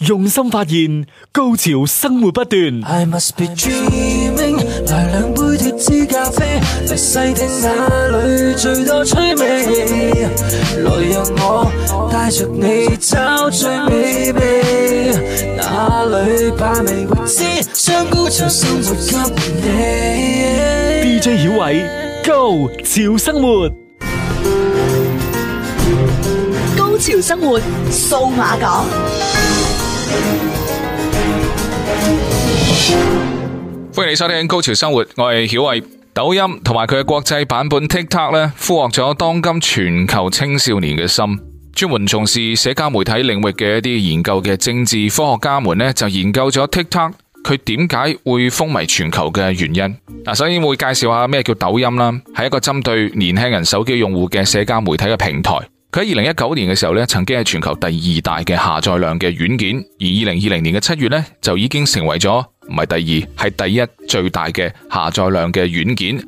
用心發現，高潮生活不斷。I must be dreaming，來兩杯脫脂咖啡，細聽那裏最多趣味。來讓我帶着你找最美味，哪裏把味未知，將高潮生活給你。DJ 小偉，Go，潮生活，高潮生活數碼港。歡迎你收聽《高潮生活》，我係曉偉。抖音同埋佢嘅國際版本 TikTok 咧，俘獲咗當今全球青少年嘅心。專門從事社交媒體領域嘅一啲研究嘅政治科學家們呢，就研究咗 TikTok 佢點解會風靡全球嘅原因。嗱，首先會介紹下咩叫抖音啦，係一個針對年輕人手機用戶嘅社交媒體嘅平台。喺二零一九年嘅時候咧，曾經係全球第二大嘅下載量嘅軟件，而二零二零年嘅七月呢，就已經成為咗唔係第二，係第一最大嘅下載量嘅軟件。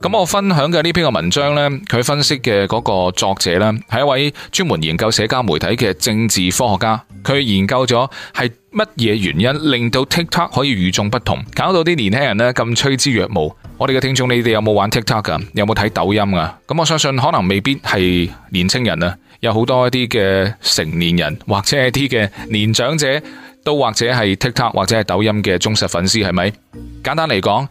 咁我分享嘅呢篇嘅文章呢，佢分析嘅嗰個作者呢，係一位專門研究社交媒體嘅政治科學家。佢研究咗係乜嘢原因令到 TikTok 可以與眾不同，搞到啲年輕人呢咁趨之若鶩。我哋嘅聽眾，你哋有冇玩 TikTok 噶？有冇睇抖音啊？咁我相信可能未必係年青人啊，有好多一啲嘅成年人，或者一啲嘅年長者，都或者係 TikTok 或者係抖音嘅忠實粉絲，係咪？簡單嚟講。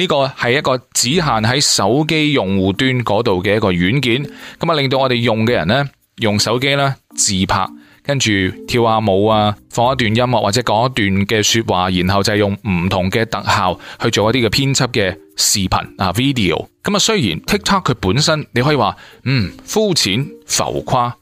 呢個係一個只限喺手機用戶端嗰度嘅一個軟件，咁啊令到我哋用嘅人呢，用手機咧自拍，跟住跳下舞啊，放一段音樂或者講一段嘅說話，然後就係用唔同嘅特效去做一啲嘅編輯嘅視頻啊 video。咁、嗯、啊雖然 TikTok 佢本身你可以話嗯膚淺浮誇，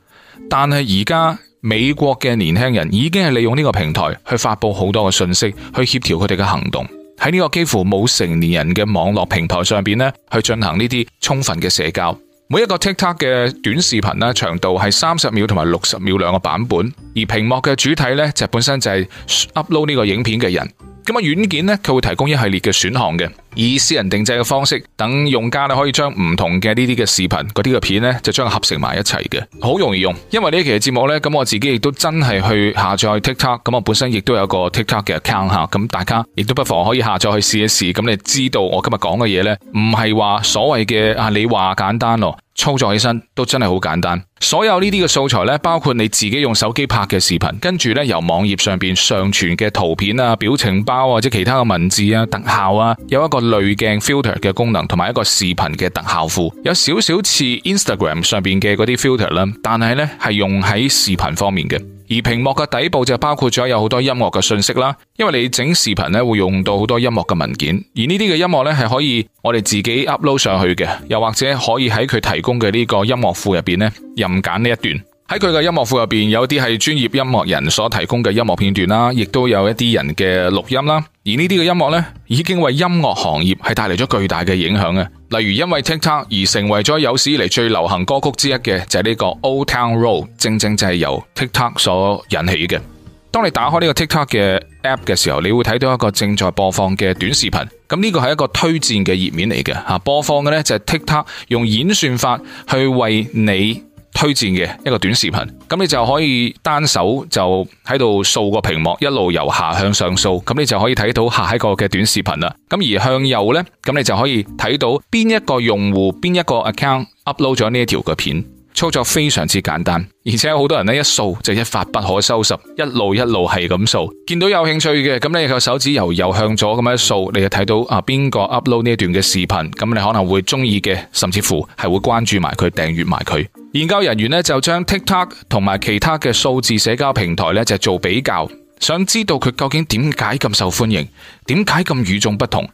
但係而家美國嘅年輕人已經係利用呢個平台去發布好多嘅信息，去協調佢哋嘅行動。喺呢個幾乎冇成年人嘅網絡平台上邊咧，去進行呢啲充分嘅社交。每一個 TikTok 嘅短視頻咧，長度係三十秒同埋六十秒兩個版本，而屏幕嘅主體咧就本身就係 upload 呢個影片嘅人。咁啊，軟件呢，佢會提供一系列嘅選項嘅，以私人定制嘅方式，等用家呢，可以將唔同嘅呢啲嘅視頻嗰啲嘅片呢，就將佢合成埋一齊嘅，好容易用。因為呢期嘅節目呢，咁我自己亦都真係去下載 TikTok，咁我本身亦都有個 TikTok 嘅 account 吓，咁大家亦都不妨可以下載去試一試，咁你知道我今日講嘅嘢呢，唔係話所謂嘅啊，你話簡單咯。操作起身都真係好簡單，所有呢啲嘅素材咧，包括你自己用手機拍嘅視頻，跟住咧由網頁上邊上傳嘅圖片啊、表情包啊或者其他嘅文字啊、特效啊，有一個濾鏡 filter 嘅功能，同埋一個視頻嘅特效庫，有少少似 Instagram 上邊嘅嗰啲 filter 啦，但係咧係用喺視頻方面嘅。而屏幕嘅底部就包括咗有好多音樂嘅信息啦，因為你整視頻咧會用到好多音樂嘅文件，而呢啲嘅音樂咧係可以我哋自己 upload 上去嘅，又或者可以喺佢提供嘅呢個音樂庫入邊咧任揀呢一段。喺佢嘅音樂庫入邊，有啲係專業音樂人所提供嘅音樂片段啦，亦都有一啲人嘅錄音啦。而呢啲嘅音樂呢，已經為音樂行業係帶嚟咗巨大嘅影響啊！例如，因為 TikTok 而成為咗有史以嚟最流行歌曲之一嘅，就係呢個 Old Town Road，正正就係由 TikTok 所引起嘅。當你打開呢個 TikTok 嘅 App 嘅時候，你會睇到一個正在播放嘅短視頻。咁呢個係一個推薦嘅頁面嚟嘅吓，播放嘅呢，就係 TikTok 用演算法去為你。推薦嘅一個短視頻，咁你就可以單手就喺度掃個屏幕，一路由下向上掃，咁你就可以睇到下一個嘅短視頻啦。咁而向右呢，咁你就可以睇到邊一個用戶，邊一個 account upload 咗呢一條嘅片。操作非常之簡單，而且好多人一掃就一發不可收拾，一路一路係咁掃。見到有興趣嘅，咁你個手指由右向左咁樣掃，你就睇到啊邊個 upload 呢段嘅視頻，咁你可能會中意嘅，甚至乎係會關注埋佢，訂閱埋佢。研究人員咧就將 TikTok 同埋其他嘅數字社交平台咧就做比較。想知道佢究竟點解咁受歡迎，點解咁與眾不同？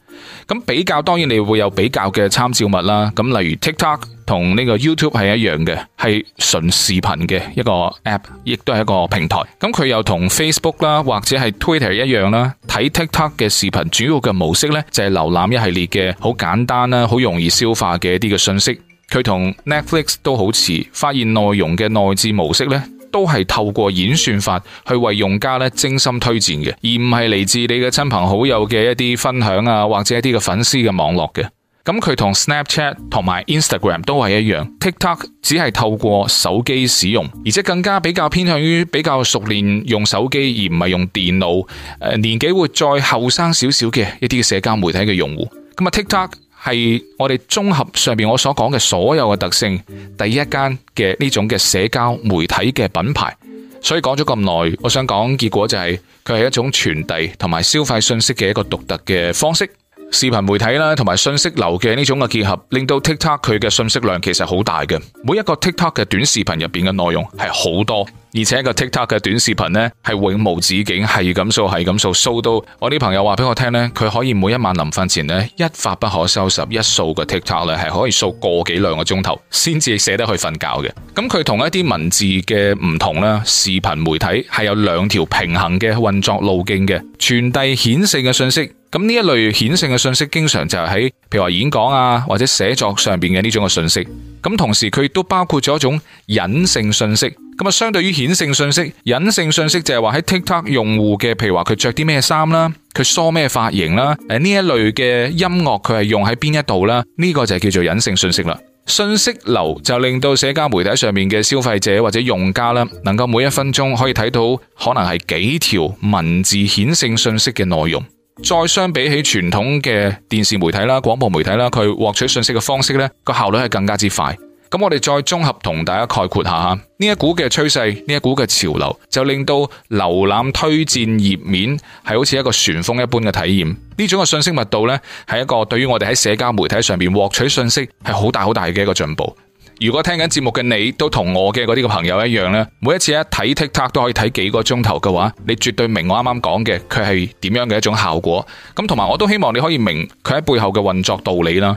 咁比較當然你會有比較嘅參照物啦。咁例如 TikTok 同呢個 YouTube 係一樣嘅，係純視頻嘅一個 app，亦都係一個平台。咁佢又同 Facebook 啦或者係 Twitter 一樣啦。睇 TikTok 嘅視頻主要嘅模式呢，就係瀏覽一系列嘅好簡單啦，好容易消化嘅一啲嘅信息。佢同 Netflix 都好似發現內容嘅內置模式呢。都係透過演算法去為用家咧精心推薦嘅，而唔係嚟自你嘅親朋好友嘅一啲分享啊，或者一啲嘅粉絲嘅網絡嘅。咁佢同 Snapchat 同埋 Instagram 都係一樣，TikTok 只係透過手機使用，而且更加比較偏向於比較熟練用手機而唔係用電腦，呃，年紀會再後生少少嘅一啲社交媒體嘅用戶。咁啊，TikTok。係我哋綜合上面我所講嘅所有嘅特性，第一間嘅呢種嘅社交媒體嘅品牌，所以講咗咁耐，我想講結果就係佢係一種傳遞同埋消費信息嘅一個獨特嘅方式。視頻媒體啦，同埋信息流嘅呢種嘅結合，令到 TikTok 佢嘅信息量其實好大嘅。每一個 TikTok 嘅短視頻入邊嘅內容係好多，而且個 TikTok 嘅短視頻咧係永無止境，係咁掃，係咁掃，掃到我啲朋友話畀我聽呢，佢可以每一晚臨瞓前咧一發不可收拾，一掃個 TikTok 咧係可以掃個幾兩個鐘頭，先至捨得去瞓覺嘅。咁佢同一啲文字嘅唔同啦，視頻媒體係有兩條平衡嘅運作路徑嘅，傳遞顯性嘅信息。咁呢一類顯性嘅信息，經常就係喺，譬如話演講啊，或者寫作上邊嘅呢種嘅信息。咁同時佢亦都包括咗一種隱性信息。咁啊，相對於顯性信息，隱性信息就係話喺 TikTok 用戶嘅，譬如話佢着啲咩衫啦，佢梳咩髮型啦，誒呢一類嘅音樂佢係用喺邊一度啦。呢個就叫做隱性信息啦。信息流就令到社交媒體上面嘅消費者或者用家啦，能夠每一分鐘可以睇到可能係幾條文字顯性信息嘅內容。再相比起傳統嘅電視媒體啦、廣播媒體啦，佢獲取信息嘅方式咧，個效率係更加之快。咁我哋再綜合同大家概括下，呢一股嘅趨勢、呢一股嘅潮流，就令到瀏覽推薦頁面係好似一個旋風一般嘅體驗。呢種嘅信息密度咧，係一個對於我哋喺社交媒體上面獲取信息係好大好大嘅一個進步。如果聽緊節目嘅你都同我嘅嗰啲個朋友一樣，呢每一次一睇 TikTok 都可以睇幾個鐘頭嘅話，你絕對明我啱啱講嘅佢係點樣嘅一種效果。咁同埋我都希望你可以明佢喺背後嘅運作道理啦。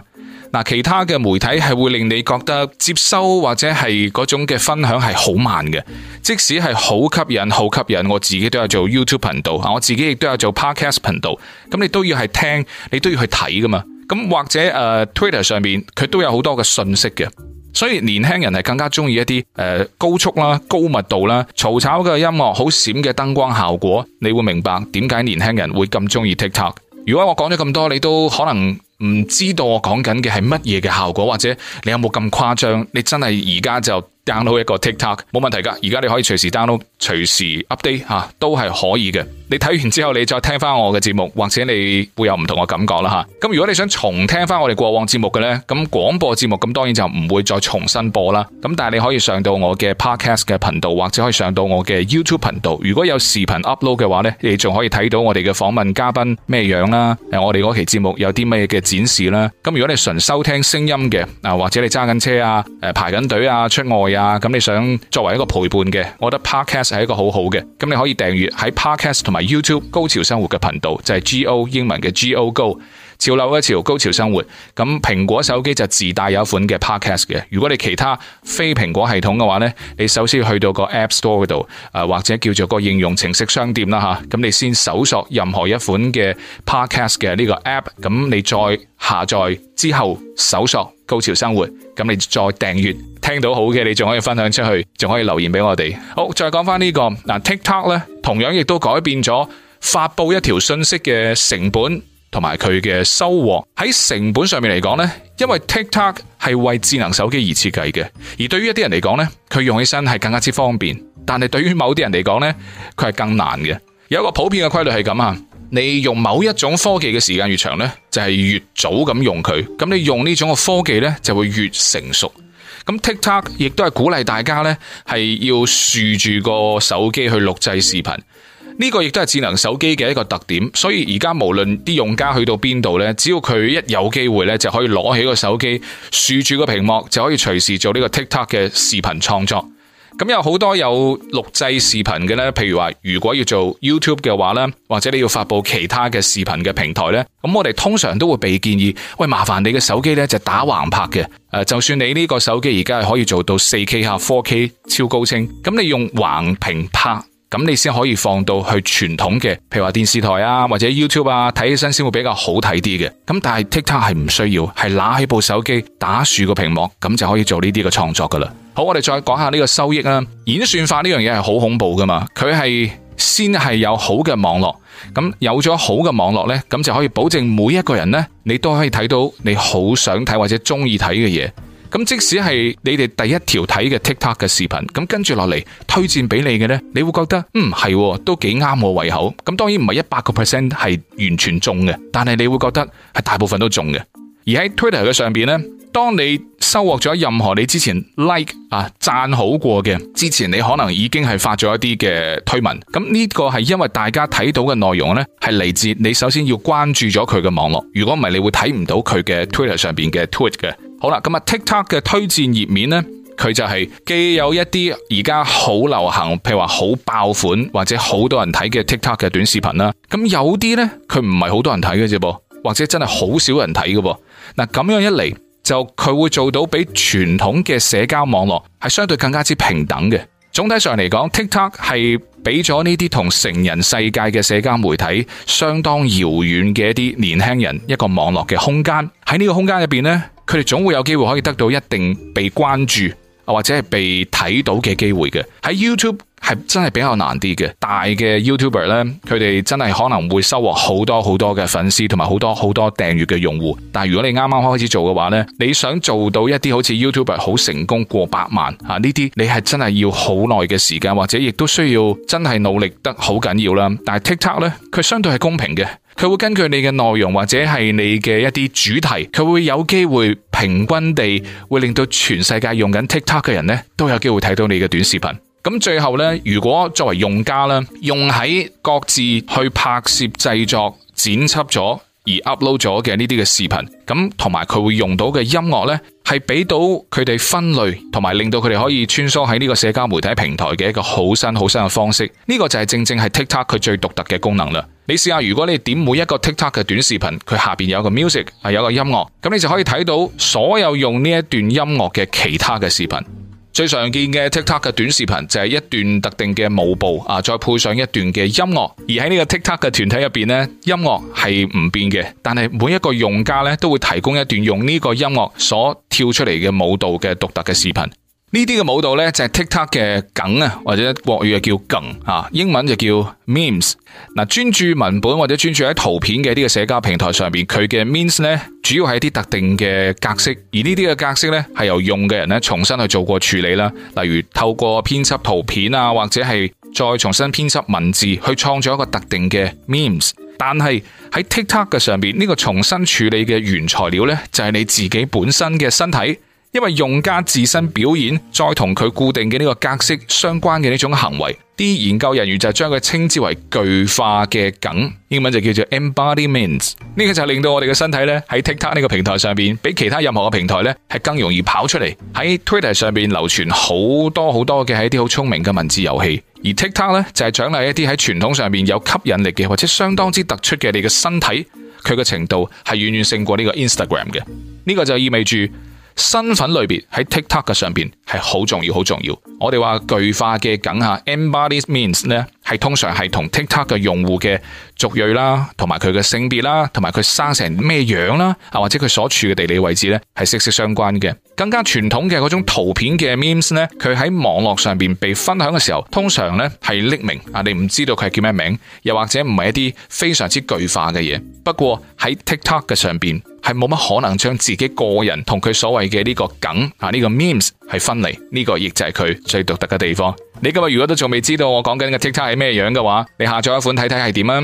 嗱，其他嘅媒體係會令你覺得接收或者係嗰種嘅分享係好慢嘅，即使係好吸引、好吸引，我自己都有做 YouTube 頻道，啊，我自己亦都有做 Podcast 頻道。咁你都要係聽，你都要去睇噶嘛。咁或者誒、呃、Twitter 上面佢都有好多嘅信息嘅。所以年輕人係更加中意一啲誒、呃、高速啦、高密度啦、嘈吵嘅音樂、好閃嘅燈光效果。你會明白點解年輕人會咁中意 TikTok。如果我講咗咁多，你都可能唔知道我講緊嘅係乜嘢嘅效果，或者你有冇咁誇張？你真係而家就 download 一個 TikTok，冇問題噶。而家你可以隨時 download、隨時 update 吓、啊，都係可以嘅。你睇完之後，你再聽翻我嘅節目，或者你會有唔同嘅感覺啦吓。咁如果你想重聽翻我哋過往節目嘅呢，咁廣播節目咁當然就唔會再重新播啦。咁但係你可以上到我嘅 podcast 嘅頻道，或者可以上到我嘅 YouTube 頻道。如果有視頻 upload 嘅話呢，你仲可以睇到我哋嘅訪問嘉賓咩樣啦。誒，我哋嗰期節目有啲咩嘅展示啦。咁如果你純收聽聲音嘅，啊或者你揸緊車啊，誒排緊隊啊，出外啊，咁你想作為一個陪伴嘅，我覺得 podcast 係一個好好嘅。咁你可以訂閱喺 podcast 同埋。YouTube 高潮生活嘅頻道就係、是、G O 英文嘅 G O Go 潮流嘅潮，高潮生活咁。蘋果手機就自帶有一款嘅 Podcast 嘅。如果你其他非蘋果系統嘅話呢，你首先去到個 App Store 嗰度，誒，或者叫做個應用程式商店啦吓。咁你先搜索任何一款嘅 Podcast 嘅呢個 App，咁你再下載之後搜索高潮生活，咁你再訂閱。聽到好嘅，你仲可以分享出去，仲可以留言俾我哋。好，再講翻、這個、呢個嗱，TikTok 咧，同樣亦都改變咗發佈一條信息嘅成本同埋佢嘅收穫喺成本上面嚟講呢，因為 TikTok 係為智能手機而設計嘅，而對於一啲人嚟講呢，佢用起身係更加之方便。但係對於某啲人嚟講呢，佢係更難嘅。有一個普遍嘅規律係咁啊，你用某一種科技嘅時間越長呢，就係、是、越早咁用佢。咁你用呢種嘅科技呢，就會越成熟。咁 TikTok 亦都係鼓勵大家咧，係要豎住個手機去錄製視頻，呢個亦都係智能手機嘅一個特點。所以而家無論啲用家去到邊度咧，只要佢一有機會咧，就可以攞起個手機豎住個屏幕，就可以隨時做呢個 TikTok 嘅視頻創作。咁有好多有錄製視頻嘅，呢，譬如話如果要做 YouTube 嘅話呢，或者你要發布其他嘅視頻嘅平台呢，咁我哋通常都會被建議，喂，麻煩你嘅手機呢，就打橫拍嘅，誒，就算你呢個手機而家係可以做到四 K 吓、Four K 超高清，咁你用橫屏拍，咁你先可以放到去傳統嘅，譬如話電視台啊，或者 YouTube 啊，睇起身先會比較好睇啲嘅。咁但係 TikTok 係唔需要，係拿起部手機打豎個屏幕，咁就可以做呢啲嘅創作噶啦。好，我哋再講下呢個收益啦。演算法，呢樣嘢係好恐怖噶嘛。佢係先係有好嘅網絡，咁有咗好嘅網絡呢，咁就可以保證每一個人呢，你都可以睇到你好想睇或者中意睇嘅嘢。咁即使係你哋第一條睇嘅 TikTok 嘅視頻，咁跟住落嚟推薦俾你嘅呢，你會覺得嗯，係，都幾啱我胃口。咁當然唔係一百個 percent 係完全中嘅，但係你會覺得係大部分都中嘅。而喺 Twitter 嘅上邊咧，當你收穫咗任何你之前 like 啊讚好過嘅，之前你可能已經係發咗一啲嘅推文，咁呢個係因為大家睇到嘅內容呢係嚟自你首先要關注咗佢嘅網絡，如果唔係你會睇唔到佢嘅 Twitter 上邊嘅 tweet 嘅。好啦，咁啊 TikTok 嘅推薦頁面呢，佢就係既有一啲而家好流行，譬如話好爆款或者好多人睇嘅 TikTok 嘅短視頻啦，咁有啲呢，佢唔係好多人睇嘅啫噃。或者真係好少人睇嘅噃，嗱咁樣一嚟就佢會做到比傳統嘅社交網絡係相對更加之平等嘅。總體上嚟講，TikTok 係俾咗呢啲同成人世界嘅社交媒體相當遙遠嘅一啲年輕人一個網絡嘅空間。喺呢個空間入邊呢，佢哋總會有機會可以得到一定被關注，或者係被睇到嘅機會嘅。喺 YouTube。係真係比較難啲嘅，大嘅 YouTuber 咧，佢哋真係可能會收穫好多好多嘅粉絲，同埋好多好多訂閱嘅用戶。但係如果你啱啱開始做嘅話咧，你想做到一啲好似 YouTuber 好成功過百萬啊呢啲，你係真係要好耐嘅時間，或者亦都需要真係努力得好緊要啦。但係 TikTok 咧，佢相對係公平嘅，佢會根據你嘅內容，或者係你嘅一啲主題，佢會有機會平均地會令到全世界用緊 TikTok 嘅人咧都有機會睇到你嘅短視頻。咁最後呢，如果作為用家咧，用喺各自去拍攝、製作、剪輯咗而 upload 咗嘅呢啲嘅視頻，咁同埋佢會用到嘅音樂呢，係俾到佢哋分類，同埋令到佢哋可以穿梭喺呢個社交媒體平台嘅一個好新好新嘅方式。呢個就係正正係 TikTok 佢最獨特嘅功能啦。你試下，如果你點每一個 TikTok 嘅短視頻，佢下邊有個 music，係有個音樂，咁你就可以睇到所有用呢一段音樂嘅其他嘅視頻。最常見嘅 TikTok 嘅短視頻就係一段特定嘅舞步啊，再配上一段嘅音樂。而喺呢個 TikTok 嘅團體入面咧，音樂係唔變嘅，但係每一個用家咧都會提供一段用呢個音樂所跳出嚟嘅舞蹈嘅獨特嘅視頻。呢啲嘅舞蹈呢，就係 TikTok 嘅梗啊，或者國語又叫梗啊，英文就叫 memes。嗱，專注文本或者專注喺圖片嘅呢個社交平台上邊，佢嘅 memes 咧主要係一啲特定嘅格式，而呢啲嘅格式呢，係由用嘅人咧重新去做過處理啦。例如透過編輯圖片啊，或者係再重新編輯文字去創作一個特定嘅 memes。但係喺 TikTok 嘅上邊，呢個重新處理嘅原材料呢，就係你自己本身嘅身體。因為用家自身表演，再同佢固定嘅呢個格式相關嘅呢種行為，啲研究人員就將佢稱之為具化嘅梗，英文就叫做 embodied memes 呢個就係令到我哋嘅身體咧喺 TikTok 呢個平台上邊，比其他任何嘅平台咧係更容易跑出嚟。喺 Twitter 上邊流傳好多好多嘅喺啲好聰明嘅文字遊戲，而 TikTok 咧就係、是、獎勵一啲喺傳統上面有吸引力嘅或者相當之突出嘅你嘅身體，佢嘅程度係遠遠勝過呢個 Instagram 嘅呢、這個就意味住。身份類別喺 TikTok 嘅上面係好重要，好重要我們說。我哋話具化嘅梗吓，anybody means 呢係通常係同 TikTok 嘅用戶嘅。族裔啦，同埋佢嘅性別啦，同埋佢生成咩樣啦，啊或者佢所處嘅地理位置咧，係息息相關嘅。更加傳統嘅嗰種圖片嘅 memes 咧，佢喺網絡上邊被分享嘅時候，通常咧係匿名，啊你唔知道佢係叫咩名，又或者唔係一啲非常之具化嘅嘢。不過喺 TikTok 嘅上邊，係冇乜可能將自己個人同佢所謂嘅呢個梗啊呢個 memes 係分離，呢個亦就係佢最獨特嘅地方。你今日如果都仲未知道我講緊嘅 TikTok 係咩樣嘅話，你下載一款睇睇係點啊！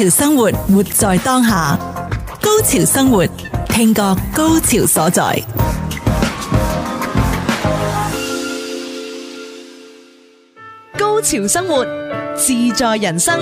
高潮生活，活在當下；高潮生活，聽覺高潮所在。高潮生活，自在人生。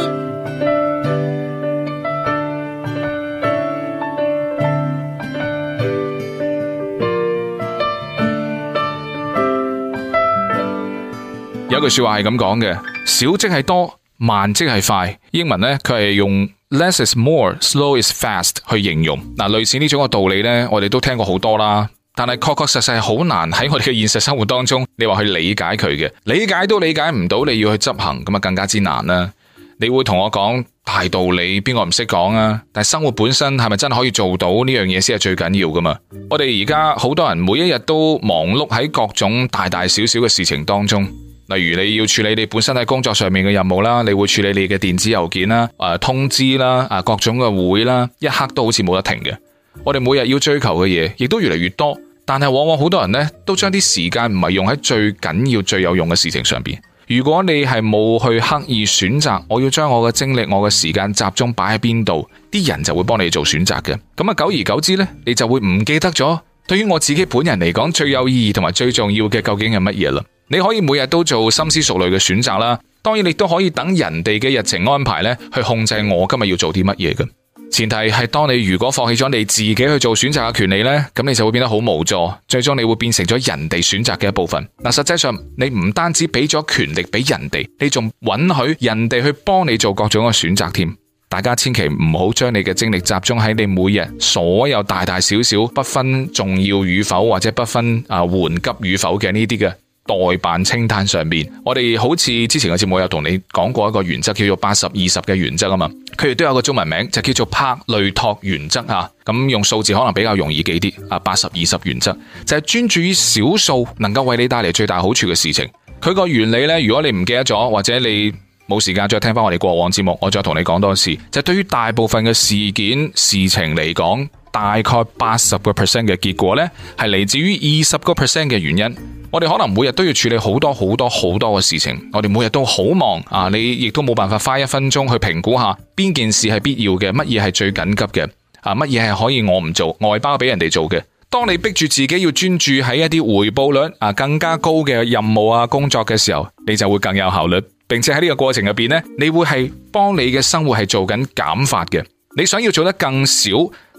有句話說話係咁講嘅：少即係多。慢即係快，英文呢，佢係用 less is more，slow is fast 去形容。嗱、嗯，類似呢種嘅道理呢，我哋都聽過好多啦。但係確確實實係好難喺我哋嘅現實生活當中，你話去理解佢嘅，理解都理解唔到，你要去執行咁啊，更加之難啦。你會同我講大道理，邊個唔識講啊？但係生活本身係咪真係可以做到呢樣嘢先係最緊要噶嘛？我哋而家好多人每一日都忙碌喺各種大大小小嘅事情當中。例如你要處理你本身喺工作上面嘅任務啦，你會處理你嘅電子郵件啦，誒、啊、通知啦，啊各種嘅會啦，一刻都好似冇得停嘅。我哋每日要追求嘅嘢亦都越嚟越多，但係往往好多人呢都將啲時間唔係用喺最緊要、最有用嘅事情上邊。如果你係冇去刻意選擇我要將我嘅精力、我嘅時間集中擺喺邊度，啲人就會幫你做選擇嘅。咁啊，久而久之呢，你就會唔記得咗。對於我自己本人嚟講，最有意義同埋最重要嘅究竟係乜嘢啦？你可以每日都做深思熟慮嘅選擇啦，當然你都可以等人哋嘅日程安排咧去控制我今日要做啲乜嘢嘅。前提係當你如果放棄咗你自己去做選擇嘅權利咧，咁你就會變得好無助，最終你會變成咗人哋選擇嘅一部分。嗱，實際上你唔單止俾咗權力俾人哋，你仲允許人哋去幫你做各種嘅選擇添。大家千祈唔好將你嘅精力集中喺你每日所有大大小小、不分重要與否或者不分啊緩急與否嘅呢啲嘅。代辦清單上面，我哋好似之前嘅節目有同你講過一個原則，叫做八十二十嘅原則啊嘛，佢亦都有個中文名就叫做帕累托原則啊。咁用數字可能比較容易記啲啊，八十二十原則就係、是、專注於少數能夠為你帶嚟最大好處嘅事情。佢個原理呢，如果你唔記得咗，或者你冇時間再聽翻我哋過往節目，我再同你講多次，就是、對於大部分嘅事件事情嚟講。大概八十個 percent 嘅結果咧，係嚟自於二十個 percent 嘅原因。我哋可能每日都要處理好多好多好多嘅事情，我哋每日都好忙啊！你亦都冇辦法花一分鐘去評估下邊件事係必要嘅，乜嘢係最緊急嘅啊？乜嘢係可以我唔做，外包俾人哋做嘅。當你逼住自己要專注喺一啲回報率啊更加高嘅任務啊工作嘅時候，你就會更有效率，並且喺呢個過程入邊咧，你會係幫你嘅生活係做緊減法嘅。你想要做得更少。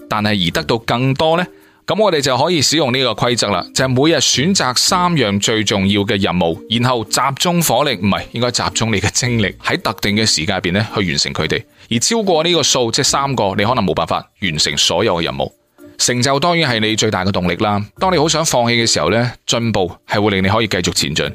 但係而得到更多呢？咁我哋就可以使用呢個規則啦，就係、是、每日選擇三樣最重要嘅任務，然後集中火力，唔係應該集中你嘅精力喺特定嘅時間入邊咧去完成佢哋。而超過呢個數，即係三個，你可能冇辦法完成所有嘅任務。成就當然係你最大嘅動力啦。當你好想放棄嘅時候呢，進步係會令你可以繼續前進。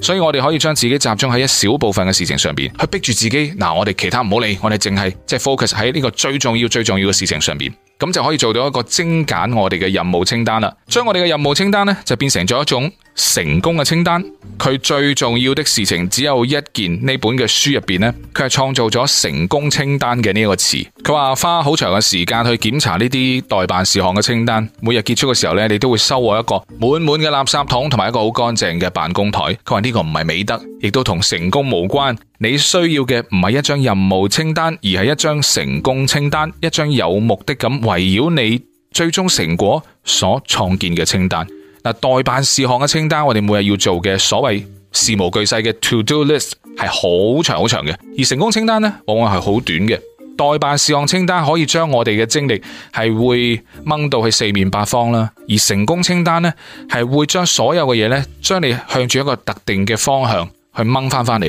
所以我哋可以將自己集中喺一小部分嘅事情上邊，去逼住自己。嗱、啊，我哋其他唔好理，我哋淨係即係 focus 喺呢個最重要、最重要嘅事情上邊。咁就可以做到一個精簡我哋嘅任務清單啦。將我哋嘅任務清單呢，就變成咗一種成功嘅清單。佢最重要的事情只有一件這。呢本嘅書入面呢，佢係創造咗成功清單嘅呢個詞。佢話花好長嘅時間去檢查呢啲代辦事項嘅清單。每日結束嘅時候呢，你都會收穫一個滿滿嘅垃圾桶同埋一個好乾淨嘅辦公台。佢話呢個唔係美德。亦都同成功無關，你需要嘅唔係一張任務清單，而係一張成功清單，一張有目的咁圍繞你最終成果所創建嘅清單。嗱、呃，待辦事項嘅清單，我哋每日要做嘅所謂事無巨細嘅 to do list 係好長好長嘅，而成功清單咧往往係好短嘅。待辦事項清單可以將我哋嘅精力係會掹到去四面八方啦，而成功清單咧係會將所有嘅嘢咧將你向住一個特定嘅方向。去掹翻翻嚟，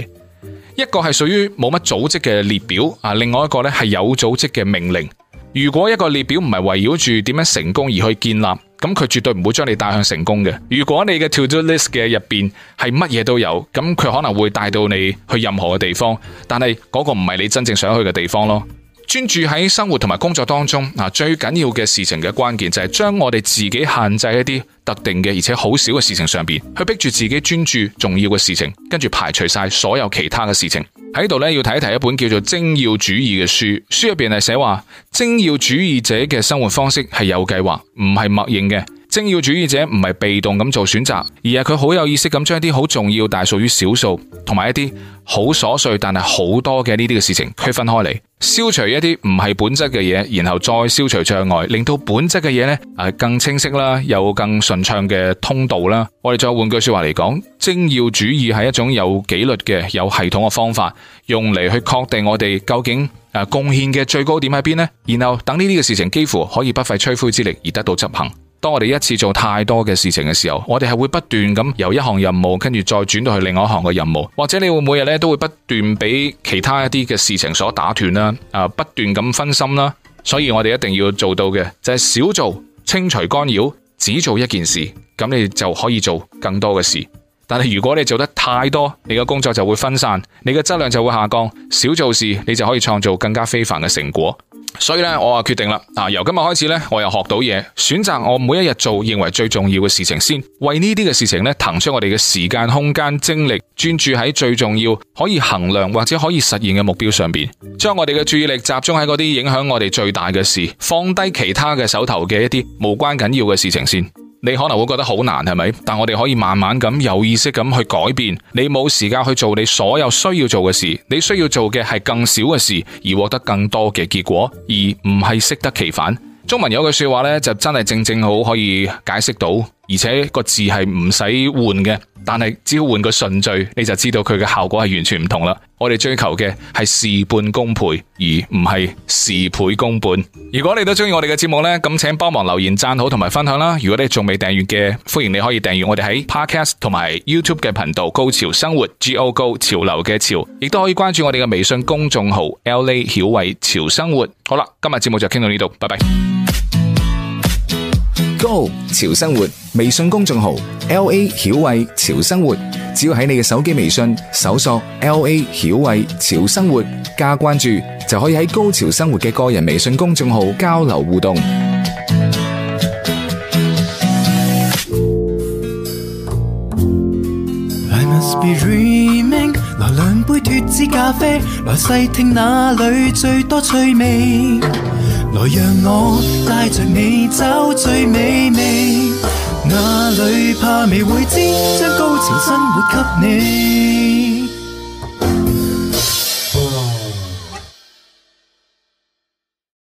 一個係屬於冇乜組織嘅列表啊，另外一個咧係有組織嘅命令。如果一個列表唔係圍繞住點樣成功而去建立，咁佢絕對唔會將你帶向成功嘅。如果你嘅 to do list 嘅入邊係乜嘢都有，咁佢可能會帶到你去任何嘅地方，但係嗰個唔係你真正想去嘅地方咯。專注喺生活同埋工作當中，最緊要嘅事情嘅關鍵就係將我哋自己限制一啲特定嘅而且好少嘅事情上面，去逼住自己專注重要嘅事情，跟住排除晒所有其他嘅事情。喺度咧要提一提一本叫做精要主義嘅書，書入面係寫話精要主義者嘅生活方式係有計劃，唔係默認嘅。精要主義者唔係被動咁做選擇，而係佢好有意識咁將一啲好重要但係屬於少數，同埋一啲好瑣碎但係好多嘅呢啲嘅事情區分開嚟，消除一啲唔係本質嘅嘢，然後再消除障礙，令到本質嘅嘢咧誒，更清晰啦，有更順暢嘅通道啦。我哋再換句話來說話嚟講，精要主義係一種有紀律嘅、有系統嘅方法，用嚟去確定我哋究竟誒，貢獻嘅最高點喺邊咧，然後等呢啲嘅事情幾乎可以不費吹灰之力而得到執行。當我哋一次做太多嘅事情嘅時候，我哋係會不斷咁由一項任務跟住再轉到去另外一項嘅任務，或者你會每日都會不斷俾其他一啲嘅事情所打斷啦，啊，不斷咁分心啦，所以我哋一定要做到嘅就係少做，清除干擾，只做一件事，咁你就可以做更多嘅事。但係如果你做得太多，你嘅工作就會分散，你嘅質量就會下降。少做事，你就可以創造更加非凡嘅成果。所以呢，我啊決定啦，由今日開始呢，我又學到嘢，選擇我每一日做認為最重要嘅事情先，為呢啲嘅事情呢，騰出我哋嘅時間、空間、精力，專注喺最重要可以衡量或者可以實現嘅目標上面。將我哋嘅注意力集中喺嗰啲影響我哋最大嘅事，放低其他嘅手頭嘅一啲無關緊要嘅事情先。你可能會覺得好難，係咪？但我哋可以慢慢咁有意識咁去改變。你冇時間去做你所有需要做嘅事，你需要做嘅係更少嘅事，而獲得更多嘅結果，而唔係適得其反。中文有句說話咧，就真係正正好可以解釋到，而且個字係唔使換嘅。但係只要換個順序，你就知道佢嘅效果係完全唔同啦。我哋追求嘅係事半功倍，而唔係事倍功半。如果你都中意我哋嘅節目呢，咁請幫忙留言讚好同埋分享啦。如果你仲未訂閱嘅，歡迎你可以訂閱我哋喺 Podcast 同埋 YouTube 嘅頻道《高潮生活》G O 高潮流嘅潮，亦都可以關注我哋嘅微信公眾號 L A 曉偉潮生活。好啦，今日節目就傾到呢度，拜拜。高潮生活微信公眾號 LA 曉慧潮生活，只要喺你嘅手機微信搜索 LA 曉慧潮生活加關注，就可以喺高潮生活嘅個人微信公眾號交流互動。來兩杯脫脂咖啡，來細聽哪裏最多趣味。來，讓我帶着你找最美味，那裏怕未會知，將高潮生活給你。